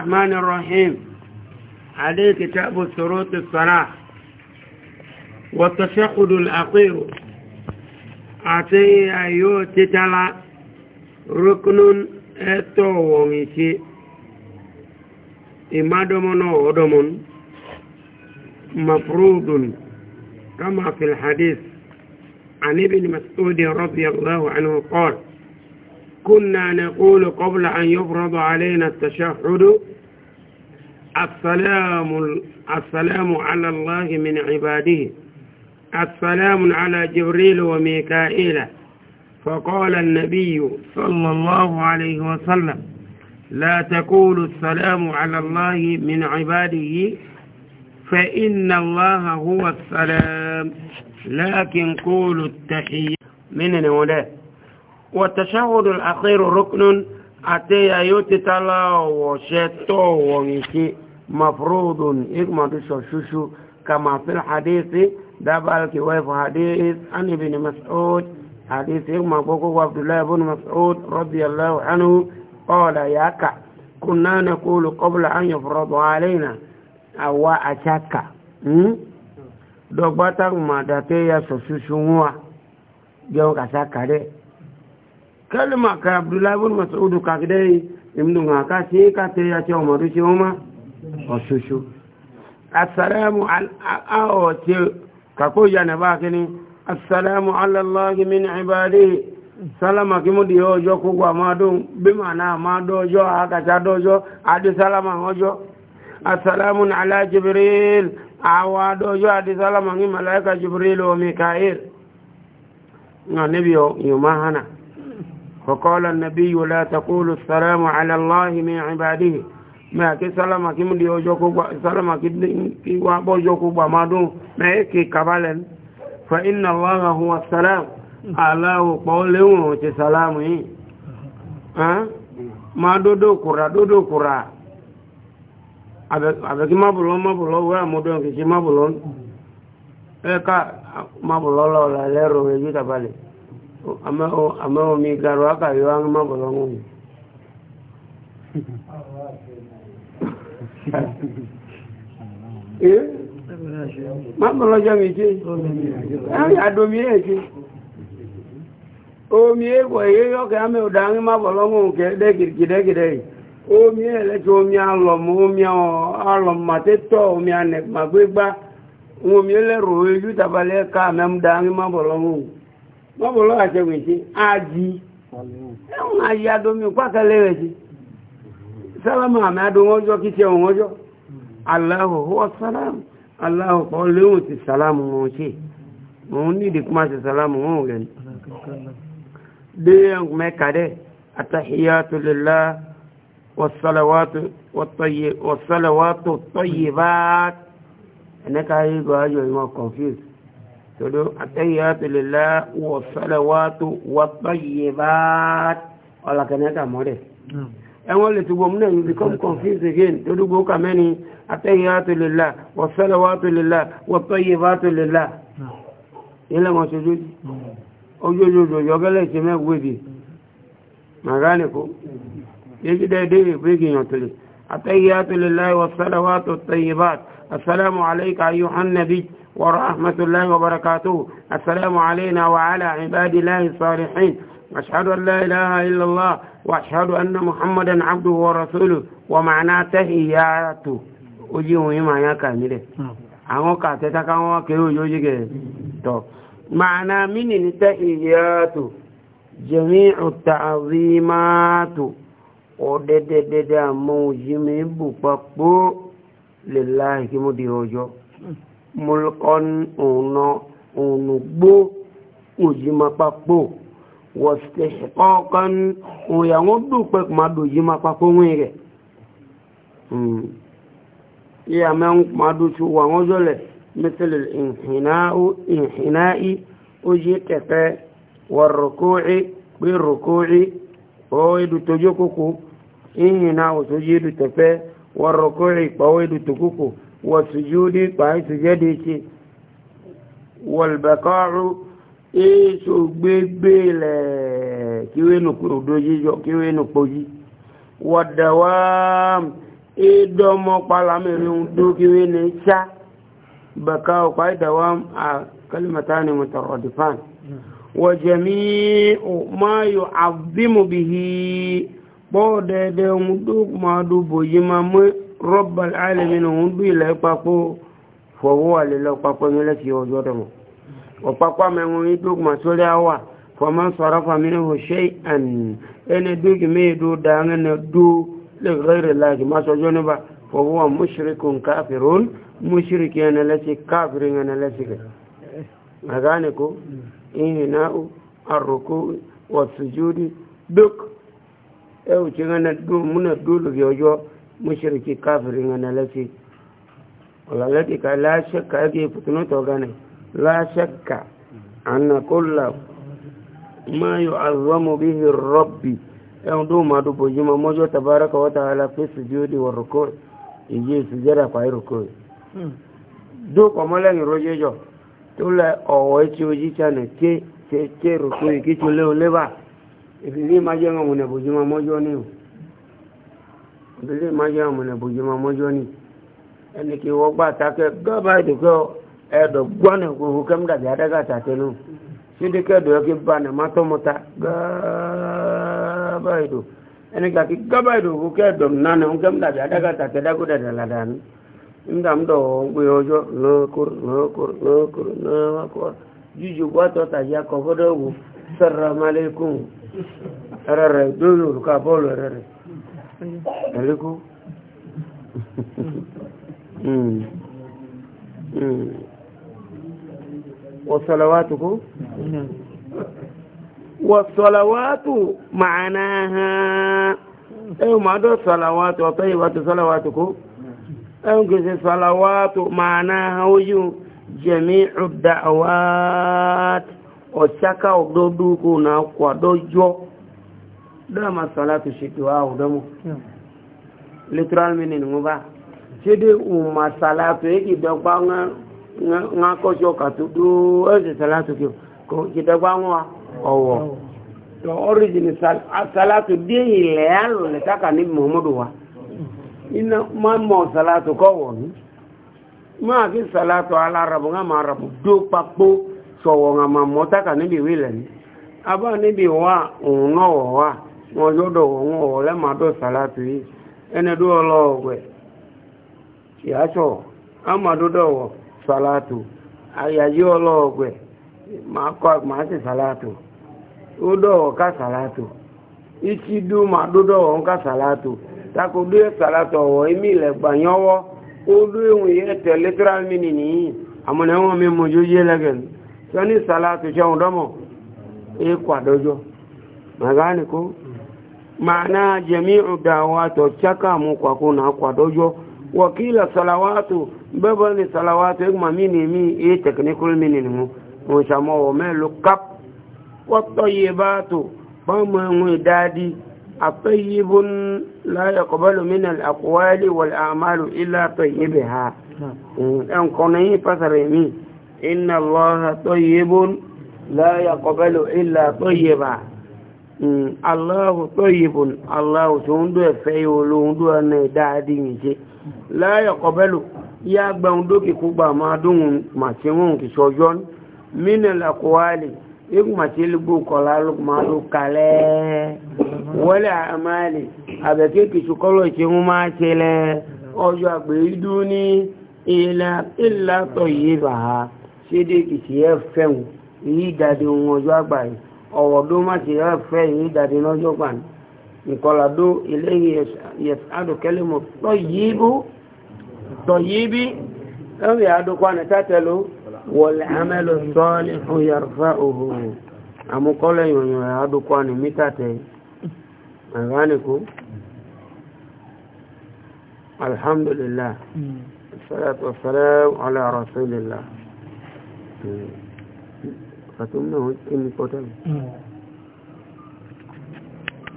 الرحمن الرحيم عليه كتاب شروط الصلاة والتشهد الأخير أتي أيو تتلا ركن أتو ومشي إما دمون ودمون مفروض كما في الحديث عن ابن مسعود رضي الله عنه قال كنا نقول قبل أن يفرض علينا التشهد السلام السلام على الله من عباده السلام على جبريل وميكائيل فقال النبي صلى الله عليه وسلم لا تقول السلام على الله من عباده فإن الله هو السلام لكن قولوا التحية من نولاه والتشهد الأخير ركن أتي أيوتي تلا وشتو ومشي مفروض إغمى تشوشوشو كما في الحديث دبل كويف حديث عن ابن مسعود حديث إغمى بوكو عبد الله بن مسعود رضي الله عنه قال ياك كنا نقول قبل أن يفرض علينا أو أشك دوباتك ما داتي يا شوشوشو جوك أشك عليه kalma ka abdullahi bin mas'ud ka gidai ibnu haka shi ka te ya ce umar shi umma osushu assalamu al awo ce ka ko ya na ba kini assalamu ala allah min ibadihi salama kí mo di ọjọ́ kó wà máa dùn bí màá náà máa dọ́jọ́ àkàtà dọ́jọ́ àdé salama ọjọ́ asalamu ala jibril àwọn adọ́jọ́ àdé salama ní malaika jibril wa mikael nga níbi yóò máa hánà فقال النبي لا تقول السلام على الله من عباده ما كي سلام كي مدي اوجوكو سلام كي وابوجوكو بمادو ما كي كبالن فإن الله هو السلام الله قوله سلام ها ما دودو كرا دودو كرا avec ma bulon ma bulon wa mo don ki ma bulon e ka ma bulon la lero e yuta bale àmọ́ omi garo akàrí wá ń mọ́bọ̀ lọ́wọ́ mi mọ́bọ̀ lọ́jọ́ mi tí ẹ̀rìn àdomi ẹ̀ tí omi ẹ̀kọ̀ èyí yọ́kẹ́ àmì ọ̀dá ń mọ́bọ̀ lọ́wọ́ kẹ́ẹ̀dẹ́gìdẹ́gìdẹ́ omi ẹ̀ lẹ́tí omi alọ̀mù omi alọ̀màtẹ́tọ̀ omi anẹ̀gbàgbégbá omi ẹlẹ́rọ̀ ojú tàbálẹ́ ká mẹ́mdá ń mọ́bọ̀ lọ́wọ́ bọ́bọ̀ lọ́wọ́ àṣẹ wèṣe ájí ẹ̀hùn ayé adomi pàkẹlẹ̀ wèṣe sálámà àmì adóhun ọjọ́ kí ṣe òun ọjọ́ aláhù wọ́ sálámù aláhù kọ́ léhùn ti sálámù wọn ṣe òun nídìí kúmá ṣe sálámù wọn rẹ̀ ní. dé mẹ́ka dẹ́ atahiyatu lila wasalawatu wasalawatu tọyibaa ẹnẹ́ka yìí gbọ́ ayọ̀ ìwọ̀n confused torí atẹ́yẹ́tò lè lá wọ sọ́lẹ̀wàtò wọ́pẹ́yẹ̀bát ọ̀làkẹ́nẹ́ta mọ́rẹ̀ ẹwọ́n lè tó gbọmú náà you become confused again torí gbogbo kàmẹ́ni atẹ́yẹ́tò lè lá wọ sọ́lẹ̀wàtò lè lá wọ́pẹ́yẹ̀bátò lè lá ilẹ̀ wọn ṣojú ojoojoojo yọgẹ́lẹ̀ ṣe mẹ́gbẹ́dì màgánìkó yéjú dẹ́ẹ́dẹ́ ìgbégi yàntòlè atẹ́yẹ́tò lè lá wọ sọ́lẹ̀wàtò tẹ̀yẹ̀bát assalamu alayka ayuhan nabi ورحمة الله وبركاته السلام علينا وعلى عباد الله الصالحين أشهد أن لا إله إلا الله وأشهد أن محمدا عبده ورسوله ومعنى تهياته أجيه ما يكامله àwọn kàtẹ́ta káwọn kéré ojú ojú gẹ̀ẹ́ tọ̀ ma'ana mini ni ta ìyàtò jẹ́mí ọ̀ta àrímàtò ọ̀dẹ́dẹ́dẹ́dẹ́ àmọ́ òjì mi mulkon uno onugbo ojimakpapo wọ̀sítẹ̀ṣẹ̀kọ́ọ̀kan òyàwó dùpẹ́ máa dòjì máa papọ̀ wọ́n rẹ̀ yí a mẹ́ máa dòjì wà wọ́n zọ́lẹ̀ mẹ́tẹ̀lẹ̀ ìhìnáì ó yí kẹ̀kẹ́ wà rọ̀kóì pé rọ̀kóì ó ìdù tójó kókó ìhìnáì tó yí ìdù tẹ̀fẹ́ wà rọ̀kóì pàwọ́ ìdù والسجود قاعد سجدك والبقاع إيش بيبيل كيوينو كرودوجي جو كيوينو بوجي والدوام إدومو قلمي دو كيوينو شا بقاع قاعد دوام كلمتان مترادفان وجميع ما يعظم به بودد مدوك ما دوبو يمامي rọ́bà alẹ́mìnà òun bí ilẹ̀ papọ̀ fọwọ́ àlelọ́ papọ̀ ní lẹ́tì ọjọ́ dọ̀mọ̀ ọ̀pápá mẹ́wọ̀n yìí tó kùmà sólẹ́ àwà fọmọ sọ̀rọ̀ fàmílì òṣè àn ẹni dúkì méèdó dáhùn ẹni dó lẹ́gbẹ̀rẹ̀ láti má sọjọ́ níbà fọwọ́ mùsùlùkùn káfìrún mùsùlùkì ẹni lẹ́tì káfìrín ẹni lẹ́tì rẹ̀ magane ko ihina'u arruku wasujudi duk yau ci gana muna dole ga yau mushriki kafirin a nalafi walalati ka la shakka yake fitinu to gane la shakka anna kulla ma yu'azzamu bihi rabbi yan e du ma du bojima mojo tabaraka wa ta'ala fi sujudi wa ruku' ije sujada kwa ruku' hmm. du ko mo len rojejo to le owo ti oji chane ke ke ruku' ki to ba ibi ni ma je ngam mojo ni o bílẹ̀ máa yá ọmọ nà bòjú máa mọ́jọ́ ni ẹni kí wọ́n gbà takẹ́ gọ́ọ̀bà ìdòkọ́ ẹ̀dọ̀ gbọ́nà gbogbo kẹ́mdàbí adága tàtẹ́ nù síndé kẹ́dọ̀ yọ kí bá nà má tọ́mọta gọ́ọ̀bà ìdò ẹni kà kí gọ́ọ̀bà ìdò gbogbo kẹ́dọ̀ nánà ń kẹ́mdàbí adága tàtẹ́ dágódà dàlàdà ni nígbà ń ẹ̀ríkú wọ́sọ̀lọ́wátùkú wọ́sọ̀lọ́wátù màánà ha ẹ̀rù máa dọ̀ sọ̀lọ́wátù ọ̀tọ́ ìwàtù sọ̀lọ́wátùkú ẹ̀rù kìí sọ̀lọ́wátù màánà ha ó yíò jẹ̀mí ọ̀dáwátù ọ̀ṣáká ọ̀dọ́dúkú náà kwàdọ́jọ́ dáàmà sọ̀látù ṣètò àwùdọ́mù literal meaning ngoba jede uma salatu eki dogba nga nga ko jo ka tu du e salatu ki ko je dogba ngwa owo to origin sal salatu de ile alo le taka ni muhammadu wa ina ma mo salatu ko won ma ki salatu ala rabu nga ma rabu do papo so wo nga ma mo taka ni bi wile ni aba ni bi wa un no wa won yo do won o le ma do salatu yi ẹnẹdú ọlọ́ọ̀wẹ̀ ìyáṣọ́ amadúdọ̀wọ̀ sàlátù ma ọlọ́ọ̀wẹ̀ máa kọ́ máa sì sàlátù ó dọ̀wọ̀ ka sàlátù ìtì dú máa dúdọ̀wọ̀ ń ka sàlátù tako dú sàlátù ọ̀wọ̀ èmi ilẹ̀ gbàyànwọ́ Odu dú ìwọ̀n literal mini nìyí àmọ́nà ẹ̀wọ̀n mi mọ̀jú yé lẹ́gẹ̀ẹ́ sọ ní sàlátù maana jami'u dawato chaka mu kwa kuna kwa dojo wakila salawatu baba ni salawatu ma mini mi e technical meaning mu mo samo o me lo kap wa tayyibatu ba mo mu dadi atayibun la yaqbalu min al aqwali wal a'malu illa tayyibaha hmm. en kono yi pasare mi inna allaha tayyibun la yaqbalu illa tayyibaha aláwò tó yìbò aláwò tó ń dó ẹ̀fẹ́ yìí olóhun dó ẹ̀nà ìdáadé yìí ṣe láyọ̀ kọbẹ́lò yá gbẹ̀hún dókè kó máa dóhun màtí wọn kì sọjọ́ mínà làkọ́wálì ikú màtí ló máa ló kalẹ̀ àmàlì àbẹ̀kẹ́ kọ́lọ̀ ṣe máa ṣe ọjọ́ dún ní yìí bàá ọwọdó má ti yọ ẹfẹ yìí dàdí lọjọ gbàǹ nkọladó eléyìí yẹsẹ adùkẹlẹ mọ tọyìíbù tọyìíbí ẹwì adùkọ ànátàtẹló wọlé amẹlò sọọni fún yàrá òhò àmúkọlẹ yòòyò adùkọ ànìmítàtẹ àgbánikó alhamdulilah hmm. salatu wa salam ala rasulillah. Mm. But um, no, it's important.